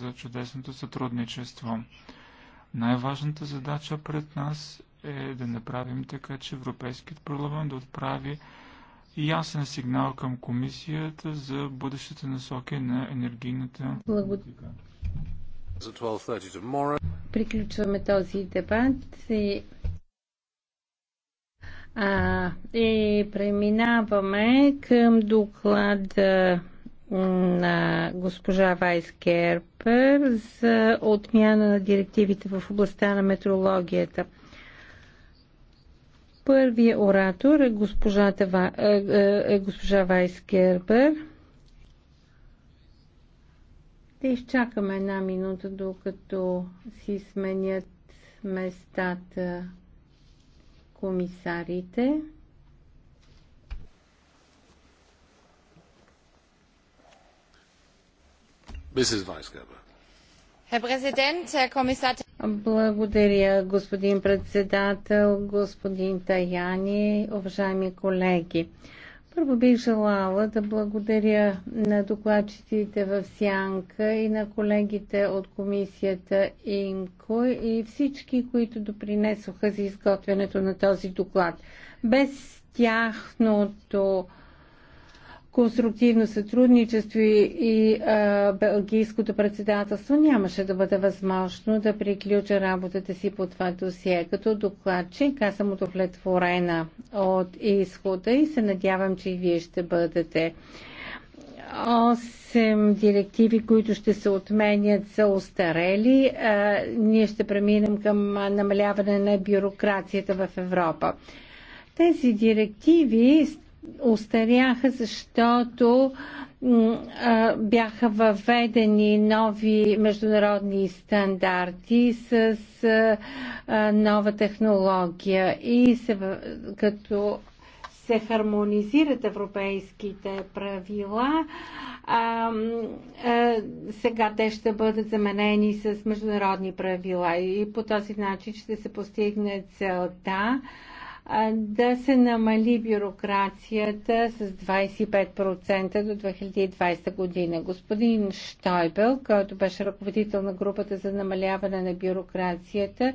за чудесното сътрудничество. Най-важната задача пред нас е да направим така, че Европейският парламент да отправи ясен сигнал към комисията за бъдещите насоки на енергийната политика. Приключваме този дебат и, а, и преминаваме към доклада на госпожа Вайс Керпер за отмяна на директивите в областта на метрологията. Първият оратор е госпожа, е, е, е госпожа Вайс Кербер. Да изчакаме една минута, докато си сменят местата комисарите. Herr Präsident, Herr Kommissar. Благодаря, господин председател, господин Таяни, уважаеми колеги. Първо бих желала да благодаря на докладчиците в Сянка и на колегите от комисията ИМКО и всички, които допринесоха за изготвянето на този доклад. Без тяхното конструктивно сътрудничество и, и а, Белгийското председателство нямаше да бъде възможно да приключа работата си по това досие. Като докладчик аз съм удовлетворена от изхода и се надявам, че и вие ще бъдете. Осем директиви, които ще се отменят, са устарели. А, ние ще преминем към намаляване на бюрокрацията в Европа. Тези директиви устаряха, защото бяха въведени нови международни стандарти с нова технология и се, като се хармонизират европейските правила, а, а, сега те ще бъдат заменени с международни правила и по този начин ще се постигне целта да се намали бюрокрацията с 25% до 2020 година. Господин Штойбел, който беше ръководител на групата за намаляване на бюрокрацията,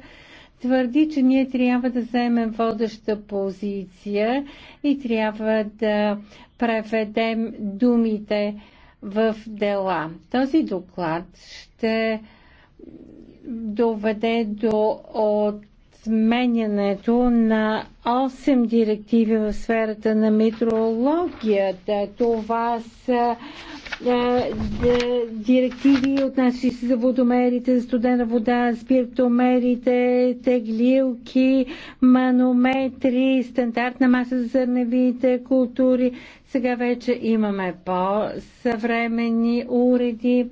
твърди, че ние трябва да вземем водеща позиция и трябва да преведем думите в дела. Този доклад ще доведе до от сменянето на 8 директиви в сферата на метрологията. Това са е, директиви, отнасящи се за водомерите, за студена вода, спиртомерите, теглилки, манометри, стандартна маса за зърневите култури. Сега вече имаме по-съвремени уреди,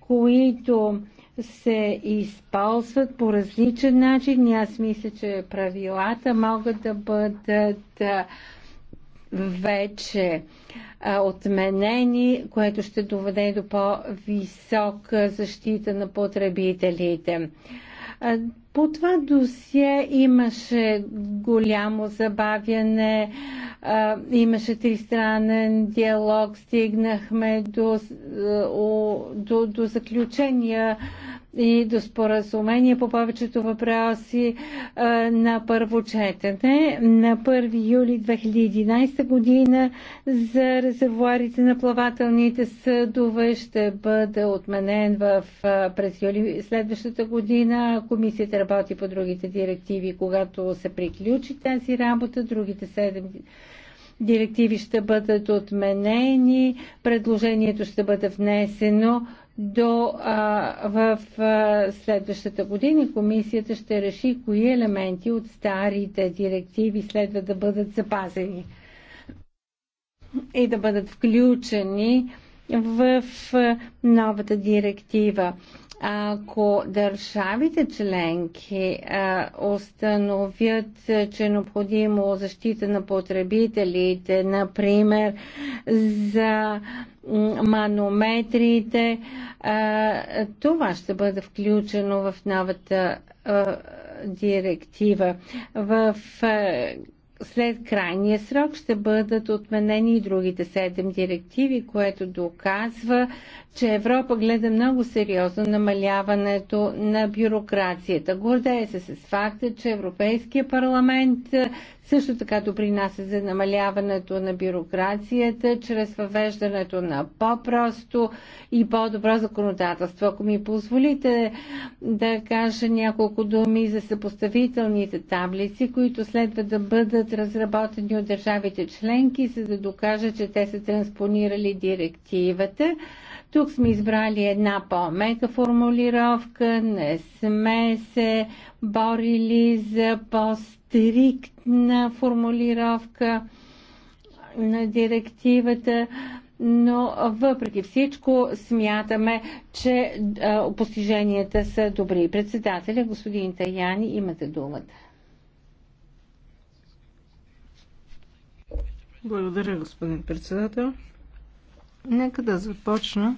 които се използват по различен начин и аз мисля, че правилата могат да бъдат вече отменени, което ще доведе до по-висока защита на потребителите. По това досие имаше голямо забавяне, имаше тристранен диалог, стигнахме до, до, до заключения и до споразумение по повечето въпроси е, на първо четене на 1 юли 2011 година за резервуарите на плавателните съдове ще бъде отменен в, е, през юли следващата година. Комисията работи по другите директиви, когато се приключи тази работа. Другите 7 директиви ще бъдат отменени. Предложението ще бъде внесено до а, в а, следващата година комисията ще реши кои елементи от старите директиви следва да бъдат запазени и да бъдат включени в новата директива ако държавите членки а, установят, че е необходимо защита на потребителите, например, за манометрите, а, това ще бъде включено в новата а, директива. В а, след крайния срок ще бъдат отменени и другите седем директиви, което доказва, че Европа гледа много сериозно намаляването на бюрокрацията. Гордее се с факта, че Европейския парламент също така допринася за намаляването на бюрокрацията, чрез въвеждането на по-просто и по-добро законодателство. Ако ми позволите да кажа няколко думи за съпоставителните таблици, които следва да бъдат разработени от държавите членки, за да докажат, че те са транспонирали директивата. Тук сме избрали една по-мека формулировка, не сме се борили за по-стриктна формулировка на директивата но въпреки всичко смятаме, че постиженията са добри. Председателя, господин Таяни, имате думата. Благодаря, господин председател. Нека да започна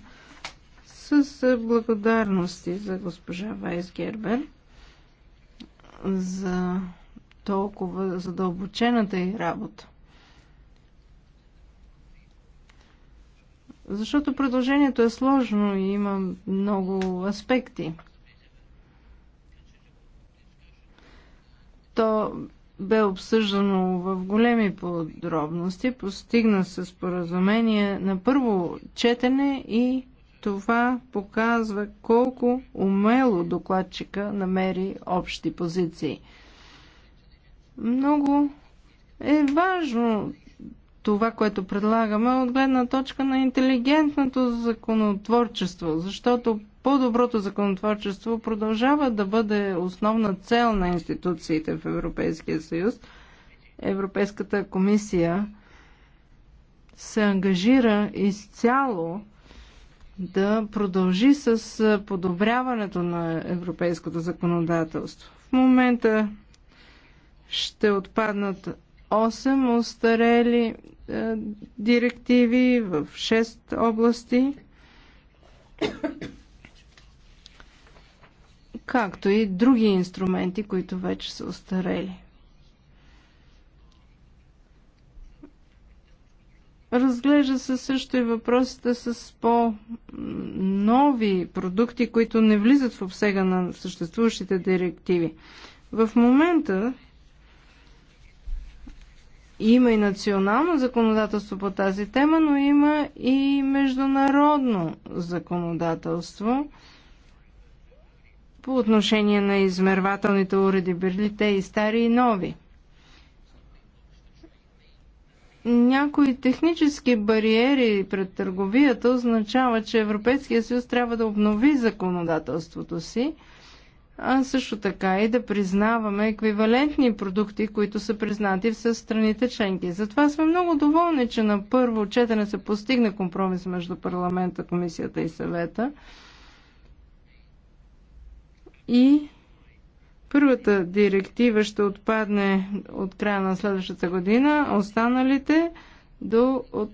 с благодарности за госпожа Вайс Гербер за толкова задълбочената й работа. Защото предложението е сложно и има много аспекти. То бе обсъждано в големи подробности, постигна се споразумение на първо четене и това показва колко умело докладчика намери общи позиции. Много е важно това, което предлагаме от гледна точка на интелигентното законотворчество, защото по-доброто законотворчество продължава да бъде основна цел на институциите в Европейския съюз. Европейската комисия се ангажира изцяло да продължи с подобряването на европейското законодателство. В момента ще отпаднат 8 устарели е, директиви в 6 области както и други инструменти, които вече са устарели. Разглежда се също и въпросите с по-нови продукти, които не влизат в обсега на съществуващите директиви. В момента има и национално законодателство по тази тема, но има и международно законодателство – по отношение на измервателните уреди, били те и стари и нови. Някои технически бариери пред търговията означава, че Европейския съюз трябва да обнови законодателството си, а също така и да признаваме еквивалентни продукти, които са признати в страните членки. Затова сме много доволни, че на първо четене се постигна компромис между парламента, комисията и съвета. И първата директива ще отпадне от края на следващата година, останалите до от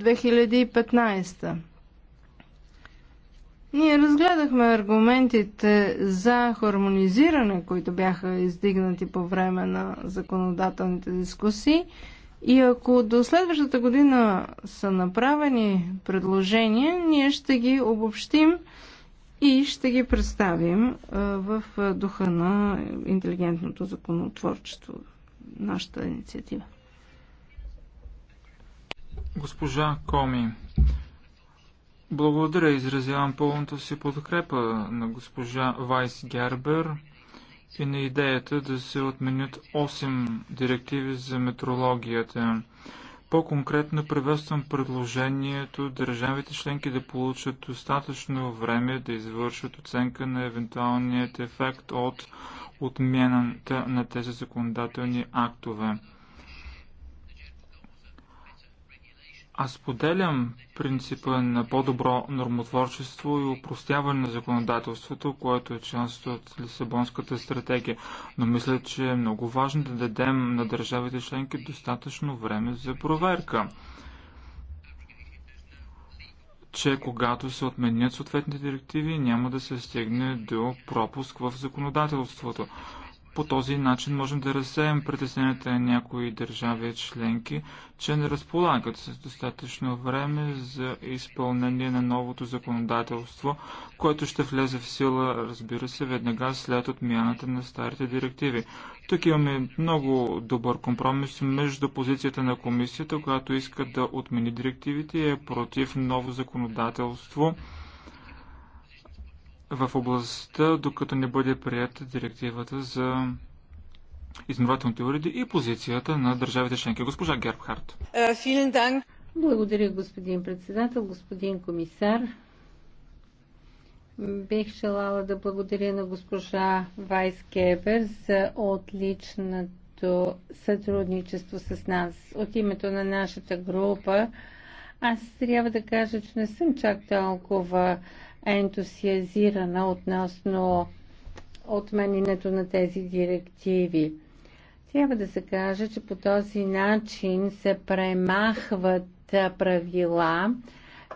2015. Ние разгледахме аргументите за хармонизиране, които бяха издигнати по време на законодателните дискусии. И ако до следващата година са направени предложения, ние ще ги обобщим и ще ги представим в духа на интелигентното законотворчество, нашата инициатива. Госпожа Коми, благодаря, изразявам пълната си подкрепа на госпожа Вайс Гербер и на идеята да се отменят 8 директиви за метрологията. По-конкретно приветствам предложението държавите членки да получат достатъчно време да извършат оценка на евентуалният ефект от отмяната на тези законодателни актове. Аз поделям принципа на по-добро нормотворчество и упростяване на законодателството, което е част от Лисабонската стратегия. Но мисля, че е много важно да дадем на държавите членки достатъчно време за проверка. Че когато се отменят съответните директиви, няма да се стигне до пропуск в законодателството. По този начин можем да разсеем притесненията на някои държави членки, че не разполагат с достатъчно време за изпълнение на новото законодателство, което ще влезе в сила, разбира се, веднага след отмяната на старите директиви. Тук имаме много добър компромис между позицията на комисията, която иска да отмени директивите и е против ново законодателство, в областта, докато не бъде прията директивата за измервателните уреди и позицията на държавите членки. Госпожа Гербхарт. Е, благодаря, господин председател, господин комисар. Бих желала да благодаря на госпожа Вайс Кебер за отличното сътрудничество с нас. От името на нашата група аз трябва да кажа, че не съм чак толкова ентусиазирана относно отменянето на тези директиви. Трябва да се каже, че по този начин се премахват правила,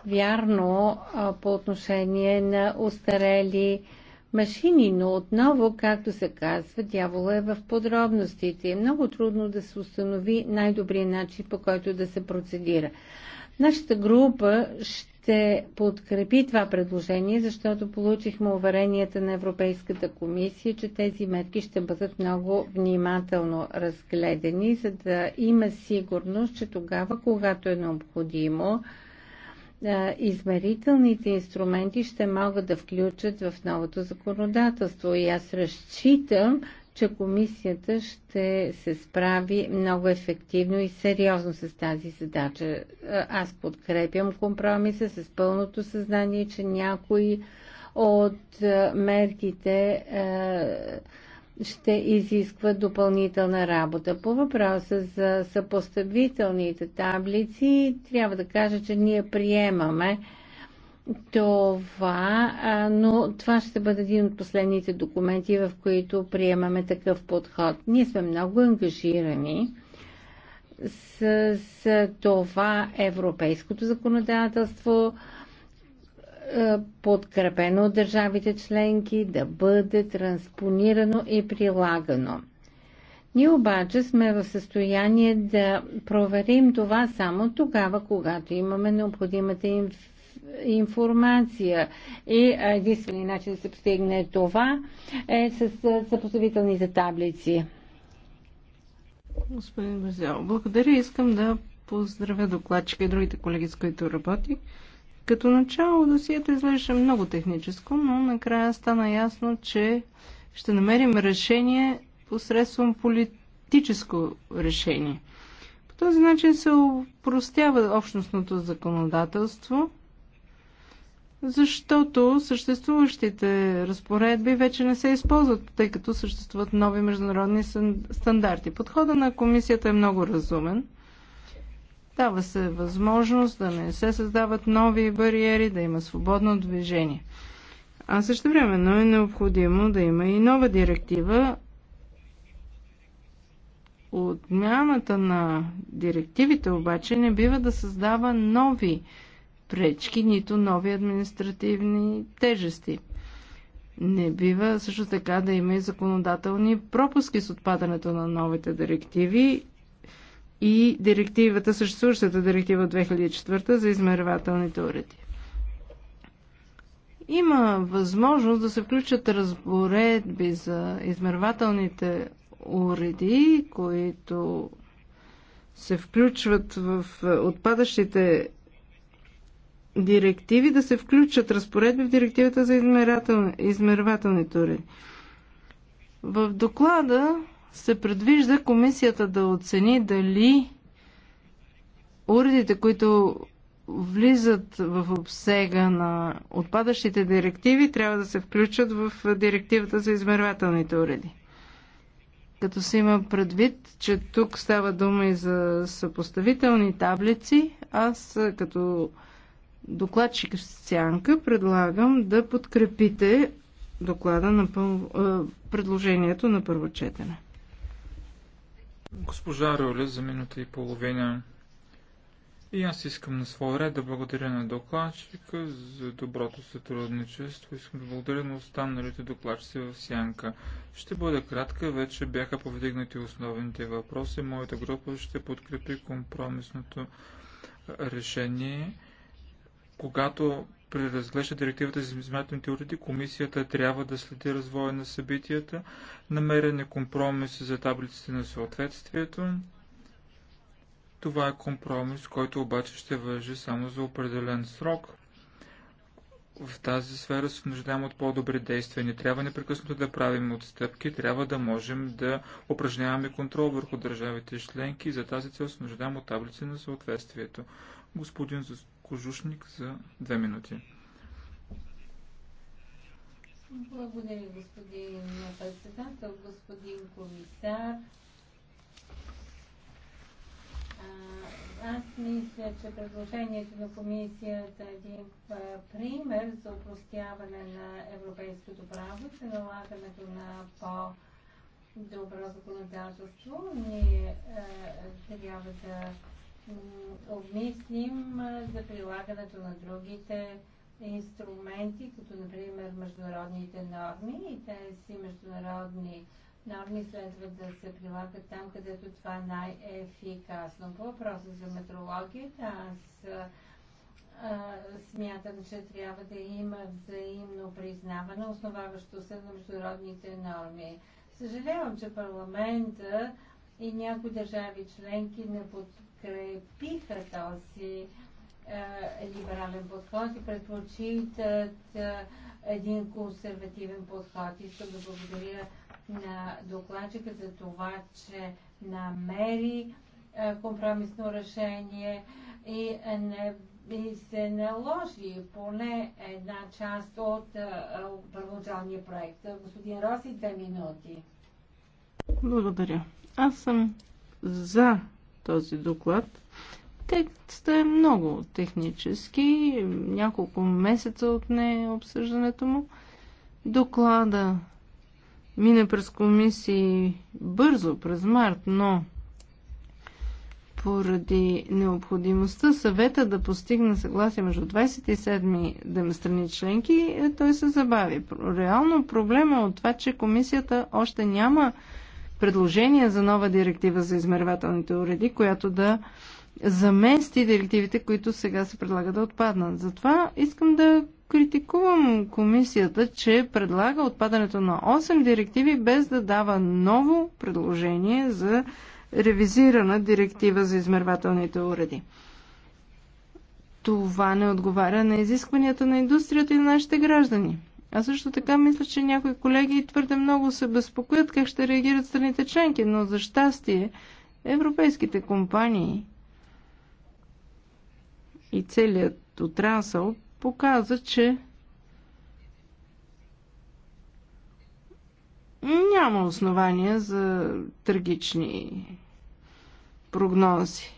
вярно, по отношение на устарели машини, но отново, както се казва, дявола е в подробностите. Е много трудно да се установи най-добрият начин, по който да се процедира. Нашата група ще ще подкрепи това предложение, защото получихме уверенията на Европейската комисия, че тези мерки ще бъдат много внимателно разгледани, за да има сигурност, че тогава, когато е необходимо, измерителните инструменти ще могат да включат в новото законодателство. И аз разчитам, че комисията ще се справи много ефективно и сериозно с тази задача. Аз подкрепям компромиса с пълното съзнание, че някои от мерките ще изискват допълнителна работа. По въпроса за съпоставителните таблици, трябва да кажа, че ние приемаме това, но това ще бъде един от последните документи, в които приемаме такъв подход. Ние сме много ангажирани с, с това европейското законодателство, подкрепено от държавите членки, да бъде транспонирано и прилагано. Ние обаче сме в състояние да проверим това само тогава, когато имаме необходимата информация информация. И единственият начин да се постигне това е с съпоставителните таблици. Господин Базел, благодаря. Искам да поздравя докладчика и другите колеги, с които работи. Като начало досието изглеждаше много техническо, но накрая стана ясно, че ще намерим решение посредством политическо решение. По този начин се упростява общностното законодателство защото съществуващите разпоредби вече не се използват, тъй като съществуват нови международни стандарти. Подхода на комисията е много разумен. Дава се възможност да не се създават нови бариери, да има свободно движение. А също времено е необходимо да има и нова директива. Отмяната на директивите обаче не бива да създава нови пречки, нито нови административни тежести. Не бива също така да има и законодателни пропуски с отпадането на новите директиви и директивата, съществуващата директива 2004 за измервателните уреди. Има възможност да се включат разпоредби за измервателните уреди, които се включват в отпадащите директиви да се включат разпоредби в директивата за измервателните уреди. В доклада се предвижда комисията да оцени дали уредите, които влизат в обсега на отпадащите директиви, трябва да се включат в директивата за измервателните уреди. Като се има предвид, че тук става дума и за съпоставителни таблици, аз като докладчик в сянка предлагам да подкрепите доклада на пъл... Е, предложението на първо четене. Госпожа Роле за минута и половина. И аз искам на своя ред да благодаря на докладчика за доброто сътрудничество. Искам да благодаря на останалите докладчици в Сянка. Ще бъда кратка, вече бяха повдигнати основните въпроси. Моята група ще подкрепи компромисното решение когато преразглежда директивата за измятните уреди, комисията трябва да следи развоя на събитията, намерене компромис за таблиците на съответствието. Това е компромис, който обаче ще въжи само за определен срок. В тази сфера се нуждаем от по-добри действия. Не трябва непрекъснато да правим отстъпки, трябва да можем да упражняваме контрол върху държавите членки. За тази цел се нуждаем от таблици на съответствието. Господин Кожушник за две минути. Благодаря, господин председател, господин комисар. Аз мисля, че предложението на комисията е един пример за упростяване на европейското право и налагането на по-добро законодателство. Ние е, трябва да обмислим за прилагането на другите инструменти, като например международните норми и тези международни норми следва да се прилагат там, където това е най-ефикасно. По въпроса за метрологията, аз а, смятам, че трябва да има взаимно признаване, основаващо се на международните норми. Съжалявам, че парламента и някои държави членки не, подпочват подкрепиха този е, либерален подход и предпочитат е, един консервативен подход. Искам да благодаря на докладчика за това, че намери е, компромисно решение и не и се наложи поне една част от първоначалния проект. Господин Роси, две минути. Благодаря. Аз съм за този доклад. Текстът е много технически, няколко месеца от отне обсъждането му. Доклада мина през комисии бързо, през март, но поради необходимостта съвета да постигне съгласие между 27 демонстрани членки, е, той се забави. Реално проблема е от това, че комисията още няма предложение за нова директива за измервателните уреди, която да замести директивите, които сега се предлага да отпаднат. Затова искам да критикувам комисията, че предлага отпадането на 8 директиви без да дава ново предложение за ревизирана директива за измервателните уреди. Това не отговаря на изискванията на индустрията и на нашите граждани. А също така мисля, че някои колеги твърде много се безпокоят как ще реагират страните членки, но за щастие европейските компании и целият отрасъл показа, че няма основания за трагични прогнози.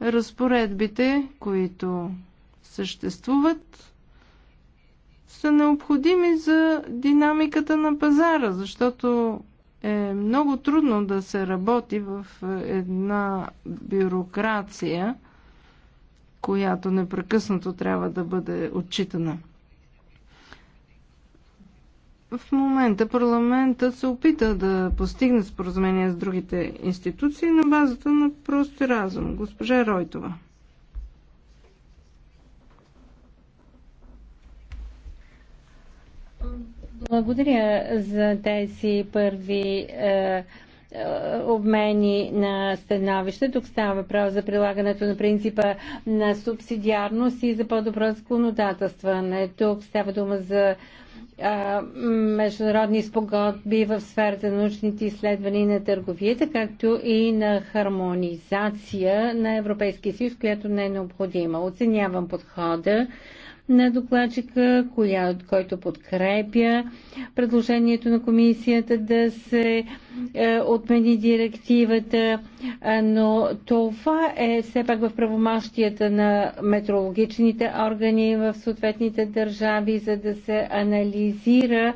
Разпоредбите, които съществуват, са необходими за динамиката на пазара, защото е много трудно да се работи в една бюрокрация, която непрекъснато трябва да бъде отчитана. В момента парламентът се опита да постигне споразумение с другите институции на базата на прости разум. Госпожа Ройтова. Благодаря за тези първи е, е, обмени на становище. Тук става въпрос за прилагането на принципа на субсидиарност и за по-добро законодателстване. Тук става дума за е, международни спогодби в сферата на научните изследвания и на търговията, както и на хармонизация на Европейския съюз, която не е необходима. Оценявам подхода на докладчика, коя, който подкрепя предложението на комисията да се е, отмени директивата, е, но това е все пак в правомащията на метрологичните органи в съответните държави, за да се анализира е,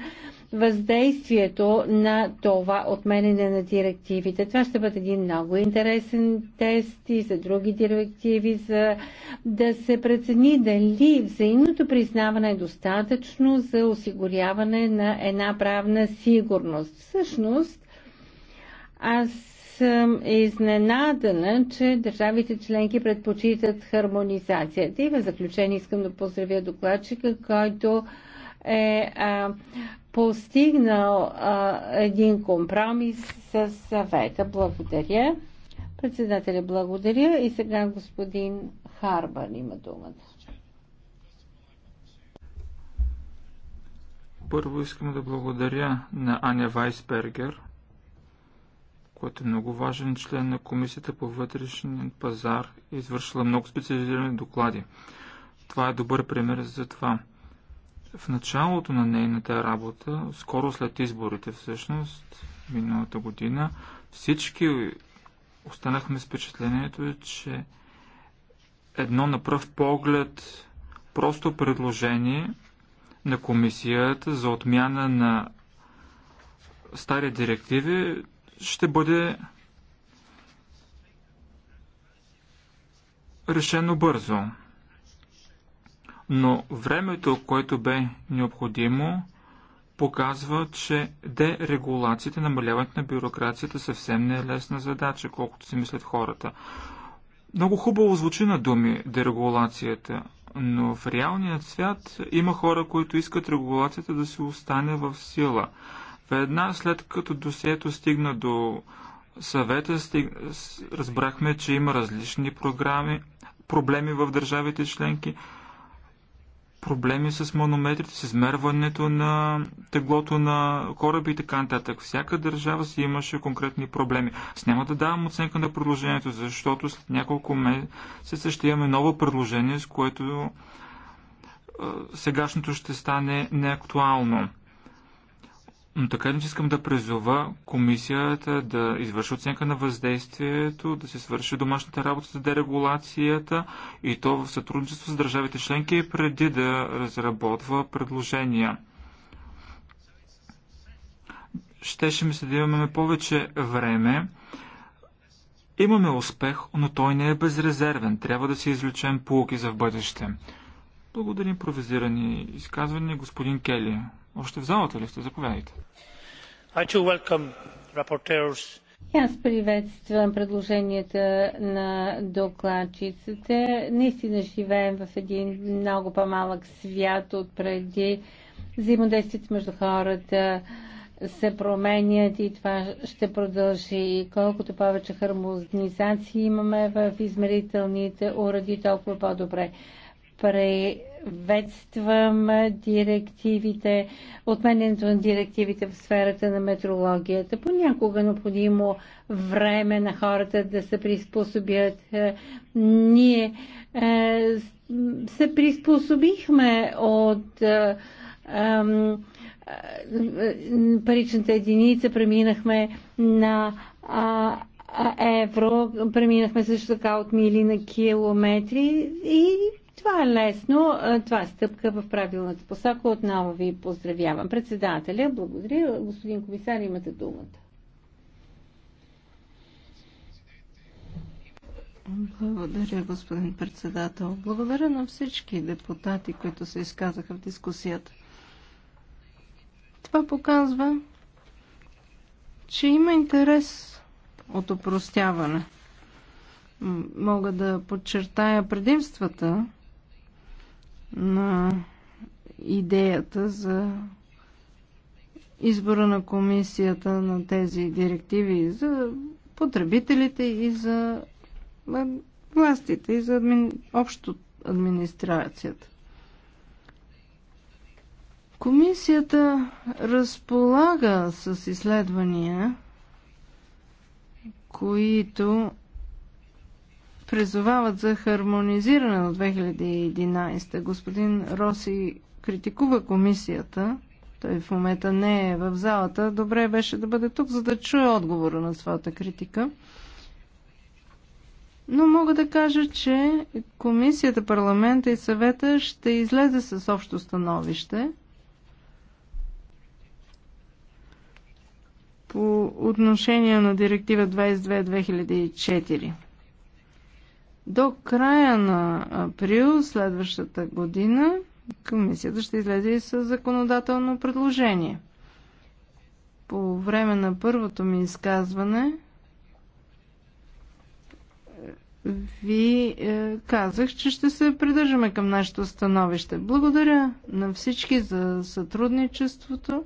въздействието на това отменене на директивите. Това ще бъде един много интересен тест и за други директиви, за да се прецени дали взаимното признаване е достатъчно за осигуряване на една правна сигурност. Всъщност, аз съм изненадана, че държавите членки предпочитат хармонизацията. И в заключение искам да поздравя докладчика, който е а, постигнал а, един компромис с съвета. Благодаря. Председателя, благодаря. И сега господин Харбан има думата. Първо искам да благодаря на Аня Вайсбергер, който е много важен член на Комисията по вътрешен пазар и е извършила много специализирани доклади. Това е добър пример за това в началото на нейната работа, скоро след изборите всъщност, миналата година, всички останахме с впечатлението, че едно на пръв поглед просто предложение на комисията за отмяна на стари директиви ще бъде решено бързо но времето, което бе необходимо, показва, че дерегулацията, намаляването на бюрокрацията съвсем не е лесна задача, колкото си мислят хората. Много хубаво звучи на думи дерегулацията, но в реалният свят има хора, които искат регулацията да се остане в сила. Веднага след като досието стигна до съвета, стиг... разбрахме, че има различни програми, проблеми в държавите членки – проблеми с манометрите, с измерването на теглото на кораби и така нататък. Всяка държава си имаше конкретни проблеми. Аз няма да давам оценка на предложението, защото след няколко месеца ще имаме ново предложение, с което сегашното ще стане неактуално. Но така не искам да призова комисията да извърши оценка на въздействието, да се свърши домашната работа за дерегулацията и то в сътрудничество с държавите членки преди да разработва предложения. Щеше ми се да имаме повече време. Имаме успех, но той не е безрезервен. Трябва да се извлечем полуки за в бъдеще. Благодаря импровизирани изказвания, господин Кели. Още в залата ли сте? Заповядайте. аз приветствам предложенията на докладчиците. Наистина живеем в един много по-малък свят от преди. Взаимодействието между хората се променят и това ще продължи. Колкото повече хармонизации имаме в измерителните уреди, толкова по-добре. При приветствам директивите, отменянето на директивите в сферата на метрологията. Понякога е необходимо време на хората да се приспособят. Е, ние е, се приспособихме от паричната единица, преминахме на евро, преминахме също така от мили на километри и това е лесно, е, това е стъпка в правилната посока. Отново ви поздравявам. Председателя, благодаря. Господин комисар, имате думата. Благодаря, господин председател. Благодаря на всички депутати, които се изказаха в дискусията. Това показва, че има интерес от опростяване. Мога да подчертая предимствата на идеята за избора на комисията на тези директиви за потребителите и за властите и за адми... общо администрацията. Комисията разполага с изследвания, които призовават за хармонизиране от 2011. Господин Роси критикува комисията. Той в момента не е в залата. Добре беше да бъде тук, за да чуе отговора на своята критика. Но мога да кажа, че комисията, парламента и съвета ще излезе с общо становище по отношение на директива 22-2004. До края на април следващата година комисията ще излезе и с законодателно предложение. По време на първото ми изказване ви е, казах, че ще се придържаме към нашето становище. Благодаря на всички за сътрудничеството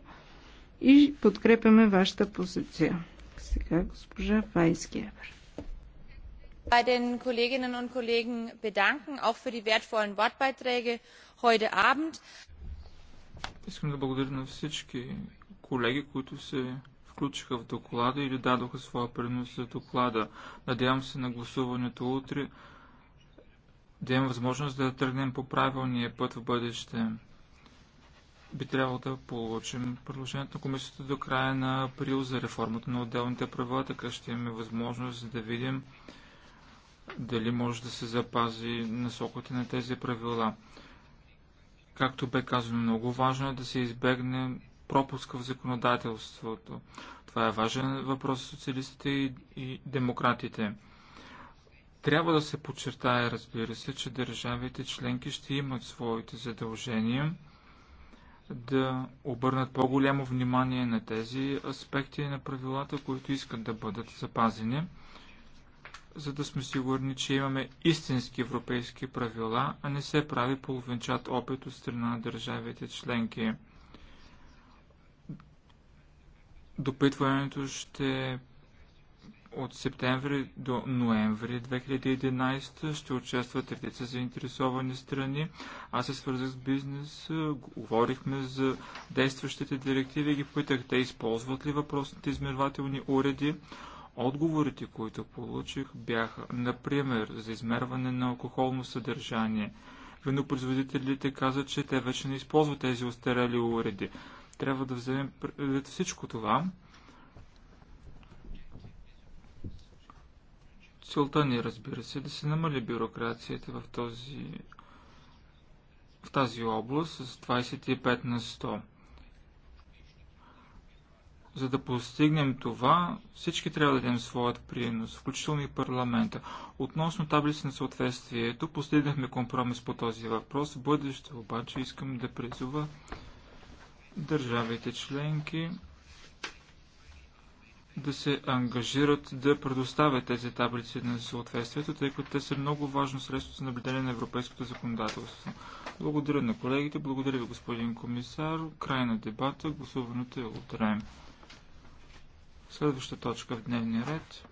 и подкрепяме вашата позиция. Сега госпожа Файскиевър bei den kolleginnen und kollegen bedanken auch für die wertvollen wortbeiträge heute abend. Искам да благодаря на всички колеги, които се включиха в доклада или дадоха своя принос за доклада. Надявам се на гласуването утре да имам възможност да тръгнем по правилния път в бъдеще. Би трябвало да получим предложението на комисията до края на април за реформата на отделните правила, така ще имаме възможност да видим дали може да се запази насоката на тези правила. Както бе казано, много важно е да се избегне пропуск в законодателството. Това е важен въпрос за социалистите и, и демократите. Трябва да се подчертае, разбира се, че държавите членки ще имат своите задължения да обърнат по-голямо внимание на тези аспекти на правилата, които искат да бъдат запазени за да сме сигурни, че имаме истински европейски правила, а не се прави половинчат опит от страна на държавите членки. Допитването ще от септември до ноември 2011 ще участват редица заинтересовани страни. Аз се свързах с бизнес, говорихме за действащите директиви и ги питах те използват ли въпросните измервателни уреди. Отговорите, които получих, бяха, например, за измерване на алкохолно съдържание. Винопроизводителите казват, че те вече не използват тези остарели уреди. Трябва да вземем предвид всичко това. Целта ни, разбира се, е да се намали бюрокрацията в, този, в тази област с 25 на 100. За да постигнем това, всички трябва да дадем своят принос, включително и парламента. Относно таблица на съответствието, постигнахме компромис по този въпрос. В бъдеще обаче искам да призова държавите членки да се ангажират да предоставят тези таблици на съответствието, тъй като те са много важно средство за наблюдение на европейското законодателство. Благодаря на колегите, благодаря ви господин комисар. Край на дебата, гласуването е утре. Следваща точка в дневния ред.